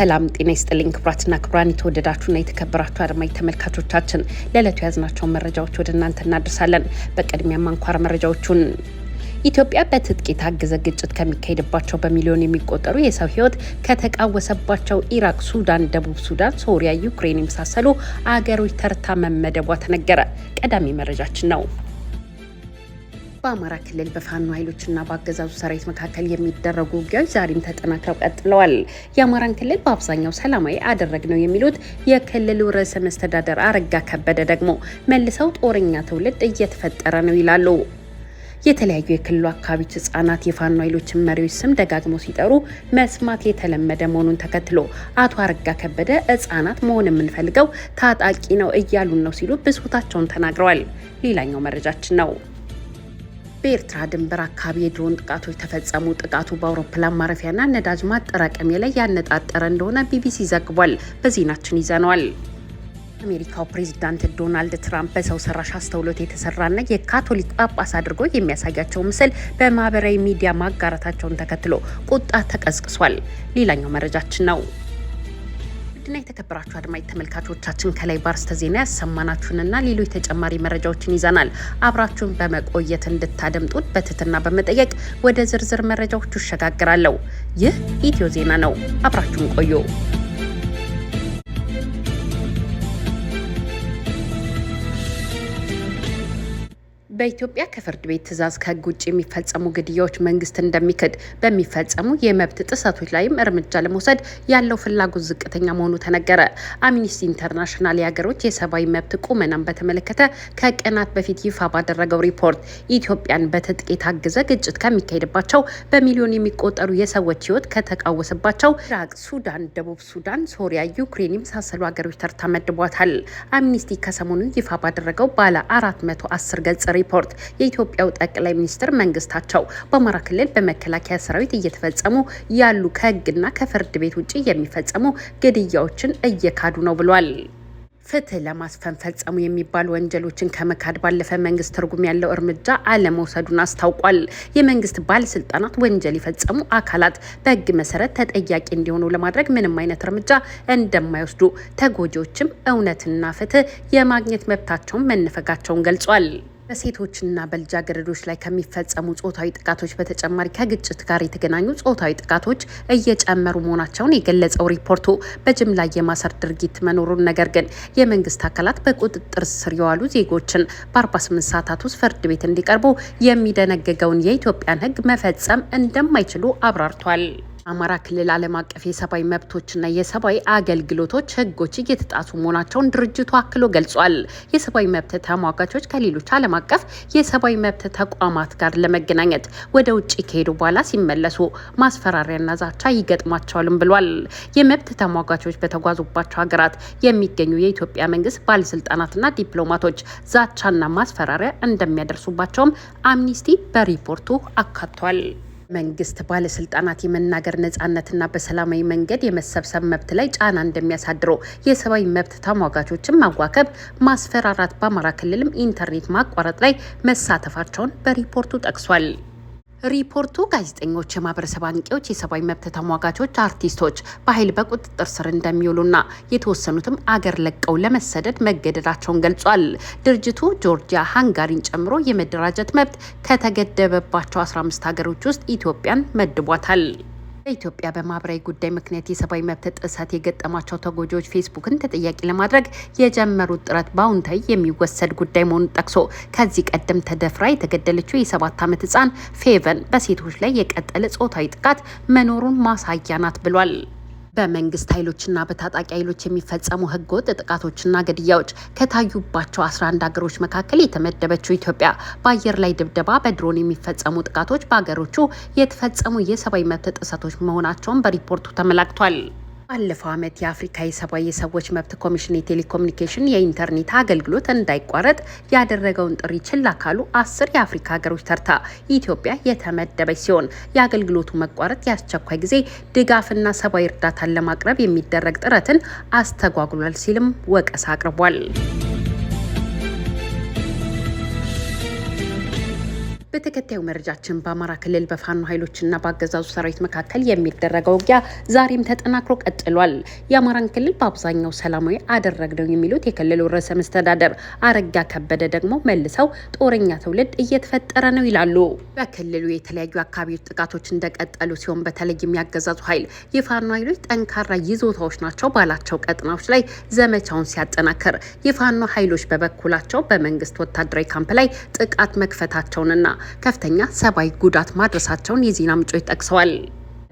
ሰላም ጤና ይስጥልኝ ክቡራትና ክቡራን የተወደዳችሁና የተከበራችሁ አድማጭ ተመልካቾቻችን ለዕለቱ የያዝናቸውን መረጃዎች ወደ እናንተ እናደርሳለን። በቅድሚያ አንኳር መረጃዎቹን ኢትዮጵያ በትጥቅ የታገዘ ግጭት ከሚካሄድባቸው በሚሊዮን የሚቆጠሩ የሰው ህይወት ከተቃወሰባቸው ኢራቅ፣ ሱዳን፣ ደቡብ ሱዳን፣ ሶሪያ፣ ዩክሬን የመሳሰሉ አገሮች ተርታ መመደቧ ተነገረ። ቀዳሚ መረጃችን ነው። በአማራ ክልል በፋኖ ኃይሎችና በአገዛዙ ሰራዊት መካከል የሚደረጉ ውጊያዎች ዛሬም ተጠናክረው ቀጥለዋል። የአማራን ክልል በአብዛኛው ሰላማዊ አደረግ ነው የሚሉት የክልሉ ርዕሰ መስተዳደር አረጋ ከበደ ደግሞ መልሰው ጦረኛ ትውልድ እየተፈጠረ ነው ይላሉ። የተለያዩ የክልሉ አካባቢዎች ህጻናት የፋኖ ኃይሎችን መሪዎች ስም ደጋግሞ ሲጠሩ መስማት የተለመደ መሆኑን ተከትሎ አቶ አረጋ ከበደ ህጻናት መሆን የምንፈልገው ታጣቂ ነው እያሉን ነው ሲሉ ብሶታቸውን ተናግረዋል። ሌላኛው መረጃችን ነው። በኤርትራ ድንበር አካባቢ የድሮን ጥቃቶች ተፈጸሙ። ጥቃቱ በአውሮፕላን ማረፊያና ነዳጅ ማጠራቀሚያ ላይ ያነጣጠረ እንደሆነ ቢቢሲ ዘግቧል። በዜናችን ይዘነዋል። አሜሪካው ፕሬዚዳንት ዶናልድ ትራምፕ በሰው ሰራሽ አስተውሎት የተሰራና የካቶሊክ ጳጳስ አድርጎ የሚያሳያቸው ምስል በማህበራዊ ሚዲያ ማጋራታቸውን ተከትሎ ቁጣ ተቀስቅሷል። ሌላኛው መረጃችን ነው። ውድና የተከበራችሁ አድማጭ ተመልካቾቻችን ከላይ ባርስተ ዜና ያሰማናችሁንና ሌሎች ተጨማሪ መረጃዎችን ይዘናል። አብራችሁን በመቆየት እንድታደምጡት በትህትና በመጠየቅ ወደ ዝርዝር መረጃዎቹ እሸጋግራለሁ። ይህ ኢትዮ ዜና ነው። አብራችሁን ቆዩ። በኢትዮጵያ ከፍርድ ቤት ትዕዛዝ ከህግ ውጭ የሚፈጸሙ ግድያዎች መንግስት እንደሚክድ በሚፈጸሙ የመብት ጥሰቶች ላይም እርምጃ ለመውሰድ ያለው ፍላጎት ዝቅተኛ መሆኑ ተነገረ። አምኒስቲ ኢንተርናሽናል የሀገሮች የሰብአዊ መብት ቁመናን በተመለከተ ከቀናት በፊት ይፋ ባደረገው ሪፖርት ኢትዮጵያን በትጥቅ የታገዘ ግጭት ከሚካሄድባቸው በሚሊዮን የሚቆጠሩ የሰዎች ህይወት ከተቃወሰባቸው ኢራቅ፣ ሱዳን፣ ደቡብ ሱዳን፣ ሶሪያ፣ ዩክሬን የመሳሰሉ ሀገሮች ተርታ መድቧታል። አምኒስቲ ከሰሞኑ ይፋ ባደረገው ባለ አራት መቶ አስር ገጽ ሪፖርት ሪፖርት የኢትዮጵያው ጠቅላይ ሚኒስትር መንግስታቸው በአማራ ክልል በመከላከያ ሰራዊት እየተፈጸሙ ያሉ ከህግና ከፍርድ ቤት ውጭ የሚፈጸሙ ግድያዎችን እየካዱ ነው ብሏል። ፍትህ ለማስፈን ፈጸሙ የሚባሉ ወንጀሎችን ከመካድ ባለፈ መንግስት ትርጉም ያለው እርምጃ አለመውሰዱን አስታውቋል። የመንግስት ባለስልጣናት ወንጀል የፈጸሙ አካላት በህግ መሰረት ተጠያቂ እንዲሆኑ ለማድረግ ምንም አይነት እርምጃ እንደማይወስዱ፣ ተጎጂዎችም እውነትና ፍትህ የማግኘት መብታቸውን መነፈጋቸውን ገልጿል። በሴቶችና በልጃገረዶች ላይ ከሚፈጸሙ ጾታዊ ጥቃቶች በተጨማሪ ከግጭት ጋር የተገናኙ ጾታዊ ጥቃቶች እየጨመሩ መሆናቸውን የገለጸው ሪፖርቱ በጅምላ የማሰር ድርጊት መኖሩን፣ ነገር ግን የመንግስት አካላት በቁጥጥር ስር የዋሉ ዜጎችን በ48 ሰዓታት ውስጥ ፍርድ ቤት እንዲቀርቡ የሚደነግገውን የኢትዮጵያን ሕግ መፈጸም እንደማይችሉ አብራርቷል። አማራ ክልል ዓለም አቀፍ የሰብአዊ መብቶችና የሰብአዊ አገልግሎቶች ህጎች እየተጣሱ መሆናቸውን ድርጅቱ አክሎ ገልጿል። የሰብአዊ መብት ተሟጋቾች ከሌሎች ዓለም አቀፍ የሰብአዊ መብት ተቋማት ጋር ለመገናኘት ወደ ውጭ ከሄዱ በኋላ ሲመለሱ ማስፈራሪያና ዛቻ ይገጥማቸዋልም ብሏል። የመብት ተሟጋቾች በተጓዙባቸው ሀገራት የሚገኙ የኢትዮጵያ መንግስት ባለስልጣናትና ዲፕሎማቶች ዛቻና ማስፈራሪያ እንደሚያደርሱባቸውም አምኒስቲ በሪፖርቱ አካቷል። መንግስት ባለስልጣናት የመናገር ነጻነትና በሰላማዊ መንገድ የመሰብሰብ መብት ላይ ጫና እንደሚያሳድረው የሰብአዊ መብት ተሟጋቾችን ማዋከብ፣ ማስፈራራት በአማራ ክልልም ኢንተርኔት ማቋረጥ ላይ መሳተፋቸውን በሪፖርቱ ጠቅሷል። ሪፖርቱ ጋዜጠኞች፣ የማህበረሰብ አንቂዎች፣ የሰብአዊ መብት ተሟጋቾች፣ አርቲስቶች በኃይል በቁጥጥር ስር እንደሚውሉና የተወሰኑትም አገር ለቀው ለመሰደድ መገደዳቸውን ገልጿል። ድርጅቱ ጆርጂያ፣ ሃንጋሪን ጨምሮ የመደራጀት መብት ከተገደበባቸው 15 ሀገሮች ውስጥ ኢትዮጵያን መድቧታል። በኢትዮጵያ በማህበራዊ ጉዳይ ምክንያት የሰብአዊ መብት ጥሰት የገጠማቸው ተጎጂዎች ፌስቡክን ተጠያቂ ለማድረግ የጀመሩት ጥረት በአሁንታዊ የሚወሰድ ጉዳይ መሆኑን ጠቅሶ ከዚህ ቀደም ተደፍራ የተገደለችው የሰባት ዓመት ህፃን ፌቨን በሴቶች ላይ የቀጠለ ጾታዊ ጥቃት መኖሩን ማሳያ ናት ብሏል። በመንግስት ኃይሎችና በታጣቂ ኃይሎች የሚፈጸሙ ህገወጥ ጥቃቶችና ግድያዎች ከታዩባቸው 11 ሀገሮች መካከል የተመደበችው ኢትዮጵያ በአየር ላይ ድብደባ፣ በድሮን የሚፈጸሙ ጥቃቶች በሀገሮቹ የተፈጸሙ የሰብአዊ መብት ጥሰቶች መሆናቸውን በሪፖርቱ ተመላክቷል። ባለፈው ዓመት የአፍሪካ የሰብአዊ የሰዎች መብት ኮሚሽን የቴሌኮሙኒኬሽን የኢንተርኔት አገልግሎት እንዳይቋረጥ ያደረገውን ጥሪ ችላ ካሉ አስር የአፍሪካ ሀገሮች ተርታ ኢትዮጵያ የተመደበች ሲሆን የአገልግሎቱ መቋረጥ የአስቸኳይ ጊዜ ድጋፍና ሰብአዊ እርዳታን ለማቅረብ የሚደረግ ጥረትን አስተጓጉሏል ሲልም ወቀሳ አቅርቧል። በተከታዩ መረጃችን በአማራ ክልል በፋኖ ኃይሎችና በአገዛዙ ሰራዊት መካከል የሚደረገው ውጊያ ዛሬም ተጠናክሮ ቀጥሏል። የአማራን ክልል በአብዛኛው ሰላማዊ አደረግነው የሚሉት የክልሉ ርዕሰ መስተዳደር አረጋ ከበደ ደግሞ መልሰው ጦረኛ ትውልድ እየተፈጠረ ነው ይላሉ። በክልሉ የተለያዩ አካባቢዎች ጥቃቶች እንደቀጠሉ ሲሆን በተለይም ያገዛዙ ኃይል የፋኖ ኃይሎች ጠንካራ ይዞታዎች ናቸው ባላቸው ቀጥናዎች ላይ ዘመቻውን ሲያጠናክር፣ የፋኖ ኃይሎች በበኩላቸው በመንግስት ወታደራዊ ካምፕ ላይ ጥቃት መክፈታቸውንና ከፍተኛ ሰብአዊ ጉዳት ማድረሳቸውን የዜና ምንጮች ጠቅሰዋል።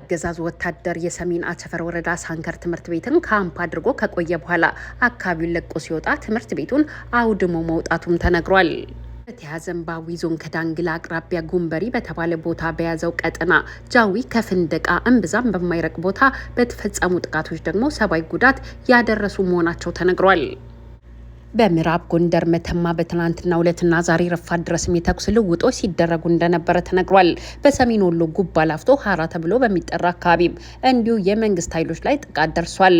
አገዛዙ ወታደር የሰሜን አቸፈር ወረዳ ሳንከር ትምህርት ቤትን ካምፕ አድርጎ ከቆየ በኋላ አካባቢውን ለቆ ሲወጣ ትምህርት ቤቱን አውድሞ መውጣቱም ተነግሯል። በተያዘም ባዊ ዞን ከዳንግላ አቅራቢያ ጉንበሪ በተባለ ቦታ በያዘው ቀጠና ጃዊ ከፍንደቃ እምብዛም በማይረቅ ቦታ በተፈጸሙ ጥቃቶች ደግሞ ሰብአዊ ጉዳት ያደረሱ መሆናቸው ተነግሯል። በምዕራብ ጎንደር መተማ በትናንትና ሁለትና ዛሬ ረፋድ ድረስም የተኩስ ልውጦች ሲደረጉ እንደነበረ ተነግሯል። በሰሜን ወሎ ጉባ ላፍቶ ሀራ ተብሎ በሚጠራ አካባቢም እንዲሁ የመንግስት ኃይሎች ላይ ጥቃት ደርሷል።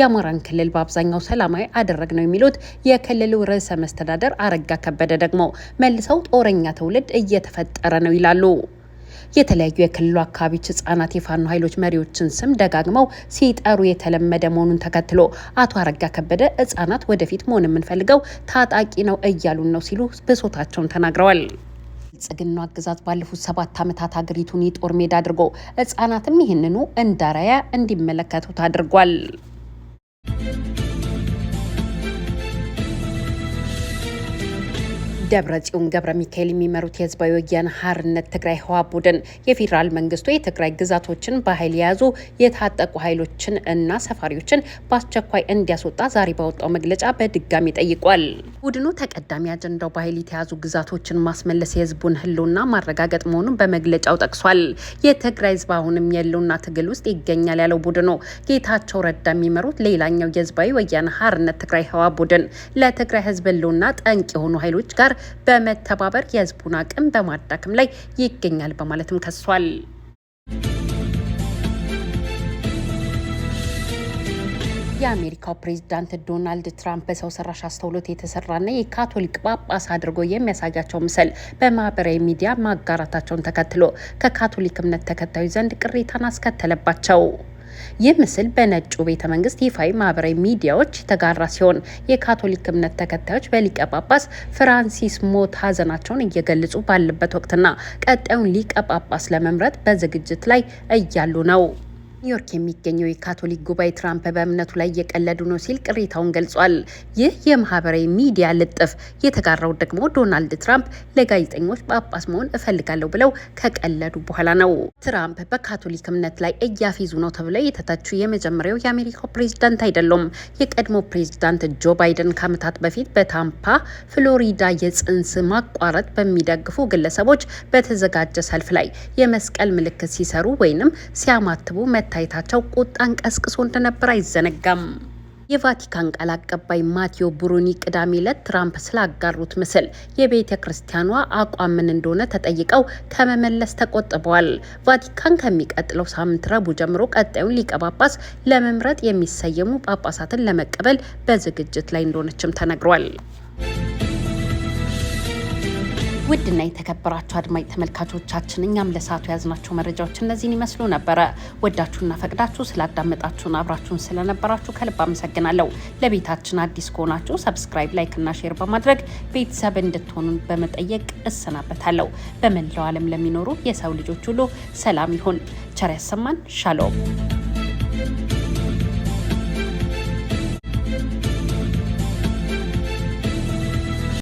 የአማራን ክልል በአብዛኛው ሰላማዊ አደረግ ነው የሚሉት የክልሉ ርዕሰ መስተዳደር አረጋ ከበደ ደግሞ መልሰው ጦረኛ ትውልድ እየተፈጠረ ነው ይላሉ። የተለያዩ የክልሉ አካባቢዎች ህጻናት የፋኖ ኃይሎች መሪዎችን ስም ደጋግመው ሲጠሩ የተለመደ መሆኑን ተከትሎ አቶ አረጋ ከበደ ህጻናት ወደፊት መሆን የምንፈልገው ታጣቂ ነው እያሉን ነው ሲሉ ብሶታቸውን ተናግረዋል። ጽግና አገዛዝ ባለፉት ሰባት ዓመታት ሀገሪቱን የጦር ሜዳ አድርጎ ህጻናትም ይህንኑ እንዳራያ እንዲመለከቱት አድርጓል። ደብረ ጽዮን ገብረ ሚካኤል የሚመሩት የህዝባዊ ወያነ ሓርነት ትግራይ ህዋ ቡድን የፌዴራል መንግስቱ የትግራይ ግዛቶችን በኃይል የያዙ የታጠቁ ኃይሎችን እና ሰፋሪዎችን በአስቸኳይ እንዲያስወጣ ዛሬ ባወጣው መግለጫ በድጋሚ ጠይቋል። ቡድኑ ተቀዳሚ አጀንዳው በኃይል የተያዙ ግዛቶችን ማስመለስ፣ የህዝቡን ህልውና ማረጋገጥ መሆኑን በመግለጫው ጠቅሷል። የትግራይ ህዝብ አሁንም የህልውና ትግል ውስጥ ይገኛል ያለው ቡድኑ ጌታቸው ረዳ የሚመሩት ሌላኛው የህዝባዊ ወያነ ሓርነት ትግራይ ህዋ ቡድን ለትግራይ ህዝብ ህልውና ጠንቅ የሆኑ ኃይሎች ጋር በመተባበር የህዝቡን አቅም በማዳከም ላይ ይገኛል በማለትም ከሷል። የአሜሪካው ፕሬዝዳንት ዶናልድ ትራምፕ በሰው ሰራሽ አስተውሎት የተሰራና የካቶሊክ ጳጳስ አድርጎ የሚያሳያቸው ምስል በማህበራዊ ሚዲያ ማጋራታቸውን ተከትሎ ከካቶሊክ እምነት ተከታዮች ዘንድ ቅሬታን አስከተለባቸው። ይህ ምስል በነጩ ቤተ መንግስት ይፋዊ ማህበራዊ ሚዲያዎች የተጋራ ሲሆን የካቶሊክ እምነት ተከታዮች በሊቀ ጳጳስ ፍራንሲስ ሞት ሀዘናቸውን እየገለጹ ባለበት ወቅትና ቀጣዩን ሊቀ ጳጳስ ለመምረጥ በዝግጅት ላይ እያሉ ነው። ኒውዮርክ የሚገኘው የካቶሊክ ጉባኤ ትራምፕ በእምነቱ ላይ እየቀለዱ ነው ሲል ቅሬታውን ገልጿል። ይህ የማህበራዊ ሚዲያ ልጥፍ የተጋራው ደግሞ ዶናልድ ትራምፕ ለጋዜጠኞች ጳጳስ መሆን እፈልጋለሁ ብለው ከቀለዱ በኋላ ነው። ትራምፕ በካቶሊክ እምነት ላይ እያፌዙ ነው ተብለው የተተቹ የመጀመሪያው የአሜሪካው ፕሬዝዳንት አይደሉም። የቀድሞ ፕሬዝዳንት ጆ ባይደን ከዓመታት በፊት በታምፓ ፍሎሪዳ የጽንስ ማቋረጥ በሚደግፉ ግለሰቦች በተዘጋጀ ሰልፍ ላይ የመስቀል ምልክት ሲሰሩ ወይንም ሲያማትቡ መ መታየታቸው ቁጣን ቀስቅሶ እንደነበር አይዘነጋም። የቫቲካን ቃል አቀባይ ማቴዎ ብሩኒ ቅዳሜ ዕለት ትራምፕ ስላጋሩት ምስል የቤተ ክርስቲያኗ አቋም ምን እንደሆነ ተጠይቀው ከመመለስ ተቆጥበዋል። ቫቲካን ከሚቀጥለው ሳምንት ረቡዕ ጀምሮ ቀጣዩን ሊቀ ጳጳስ ለመምረጥ የሚሰየሙ ጳጳሳትን ለመቀበል በዝግጅት ላይ እንደሆነችም ተነግሯል። ውድና የተከበራችሁ አድማጭ ተመልካቾቻችን እኛም ለሰዓቱ የያዝናቸው መረጃዎች እነዚህን ይመስሉ ነበረ። ወዳችሁና ፈቅዳችሁ ስላዳመጣችሁን አብራችሁን ስለነበራችሁ ከልብ አመሰግናለሁ። ለቤታችን አዲስ ከሆናችሁ ሰብስክራይብ፣ ላይክና ሼር በማድረግ ቤተሰብ እንድትሆኑ በመጠየቅ እሰናበታለሁ። በመላው ዓለም ለሚኖሩ የሰው ልጆች ሁሉ ሰላም ይሁን፣ ቸር ያሰማን። ሻሎም